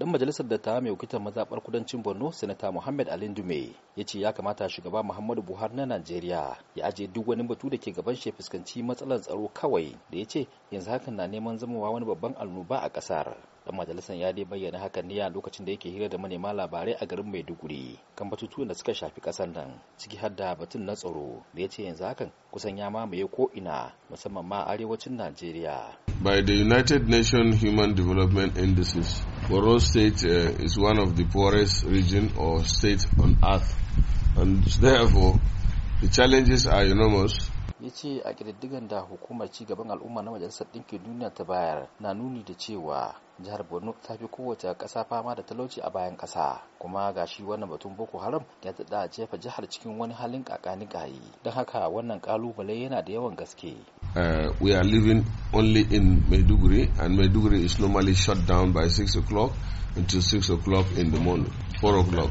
dan majalisar da ta mai wakiltar mazabar kudancin borno sanata muhammad alindume ya ce ya kamata shugaba muhammadu buhari na najeriya ya ajiye duk wani batu da ke gaban shi fuskanci matsalar tsaro kawai da ya ce yanzu hakan na neman zamowa wani babban annoba a kasar dan majalisar ya dai bayyana hakan ne lokacin da yake hira da manema labarai a garin maiduguri kan batutuwan da suka shafi kasar nan ciki har da batun na tsaro da ya yanzu hakan kusan ya mamaye ko ina musamman ma arewacin najeriya by the united nations human development indices borno state uh, is one of the poorest region or state on earth and therefore the challenges are enormous ya ce a ƙididdigan da hukumar cigaban al'umma na majalisar ɗinkin duniya ta bayar na nuni da cewa jihar borno ta fi kowace ƙasa fama da talauci a bayan ƙasa kuma ga shi wannan batun boko haram ya taɗa jefa jihar cikin wani halin kakani gayi don haka wannan kalubale yana da yawan gaske Uh, we are living only in Maiduguri, and Maiduguri is normally shut down by 6 o'clock until 6 o'clock in the morning, 4 o'clock.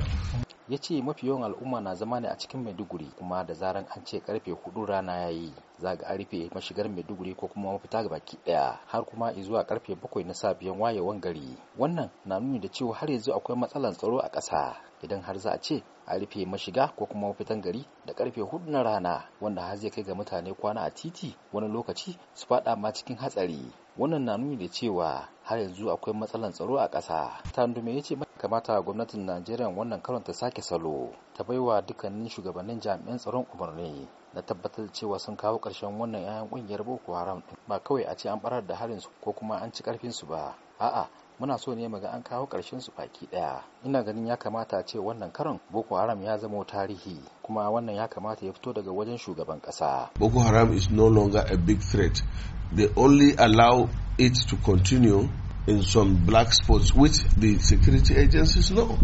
ya ce mafi yawan al'umma na zama ne a cikin maiduguri kuma da zaran an ce karfe hudu rana ya yi za ga rufe mashigar maiduguri ko kuma mafita ga baki daya har kuma zuwa karfe bakwai na safiyan wayewan gari wannan na nuni da cewa har yanzu akwai matsalar tsaro a ƙasa idan har za a ce a rufe mashiga ko kuma mafitan gari da karfe hudu na rana wanda har zai kai ga mutane kwana a titi wani lokaci su fada ma cikin hatsari wannan na nuni da cewa har yanzu akwai matsalar tsaro a ƙasa tandume ya ce kamata gwamnatin najeriya wannan karon ta sake salo ta baiwa dukkanin shugabannin jami'an tsaron umarni na tabbatar cewa sun kawo karshen wannan 'ya'yan ƙungiyar boko haram ba kawai a ce an barar da harin su ko kuma an ci karfin su ba a'a muna so ne muga an kawo karshen su baki ɗaya ina ganin ya kamata a ce wannan karon boko haram ya zama tarihi kuma wannan ya kamata ya fito daga wajen shugaban ƙasa boko haram is no longer a big threat they only allow it to continue in some black spots, which the security agencies know.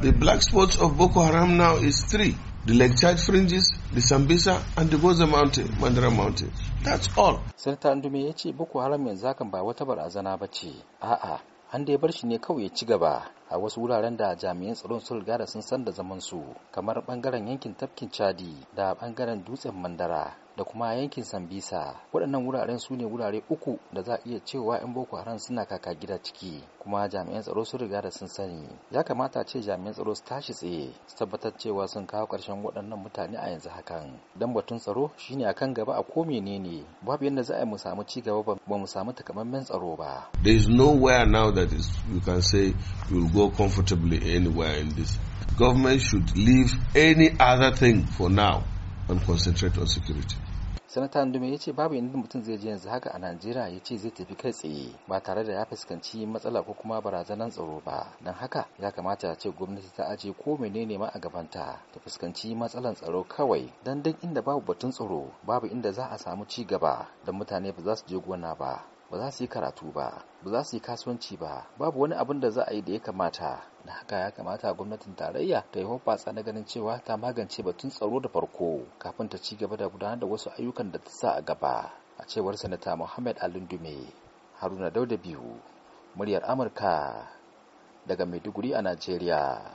The black spots of Boko Haram now is three the Lake Chad fringes, the Sambisa, and the Goza Mountain, Mandara Mountain. That's all. Senator Andume ya ce Boko Haram yanzu hakan ba wata barazana ba ce. A'a, an da bar shi ne kawai ya ci gaba a wasu wuraren da jami'an tsaron sun riga sun san da zaman su, kamar bangaren yankin tafkin Chadi da bangaren dutsen Mandara. da kuma yankin Sambisa. Waɗannan wuraren su ne wurare uku da za a iya cewa 'yan Boko Haram suna kaka gida ciki kuma jami'an tsaro sun riga da sun sani. Ya kamata ce jami'an tsaro su tashi tsaye su tabbatar cewa sun kawo ƙarshen waɗannan mutane a yanzu hakan. Dan batun tsaro shine a kan gaba a ko menene babu yadda za a mu samu ci gaba ba mu samu takamaiman tsaro ba. There is nowhere now that is, you can say you will go comfortably anywhere in this. Government should leave any other thing for now and concentrate on security. sanata ndume ya ce babu inda mutum zai je yanzu haka a najeriya ya ce zai tafi kai tsaye ba tare da ya fuskanci matsala ko kuma barazanar tsaro ba don haka ya kamata ce gwamnati ta aje ko menene ma a gabanta ta fuskanci matsalar tsaro kawai don duk inda babu batun tsaro babu inda za a samu ci gaba don mutane ba za su je gona ba ba za su yi karatu ba ba za su yi kasuwanci ba babu wani abin da za a yi da ya kamata na haka ya kamata gwamnatin tarayya ta yi hoɓɓasa na ganin cewa ta magance batun tsaro da farko kafin ta ci gaba da gudanar da wasu ayyukan da ta sa a gaba a cewar sanata muhammad alindume haruna dauda biyu muryar amurka daga maiduguri a najeriya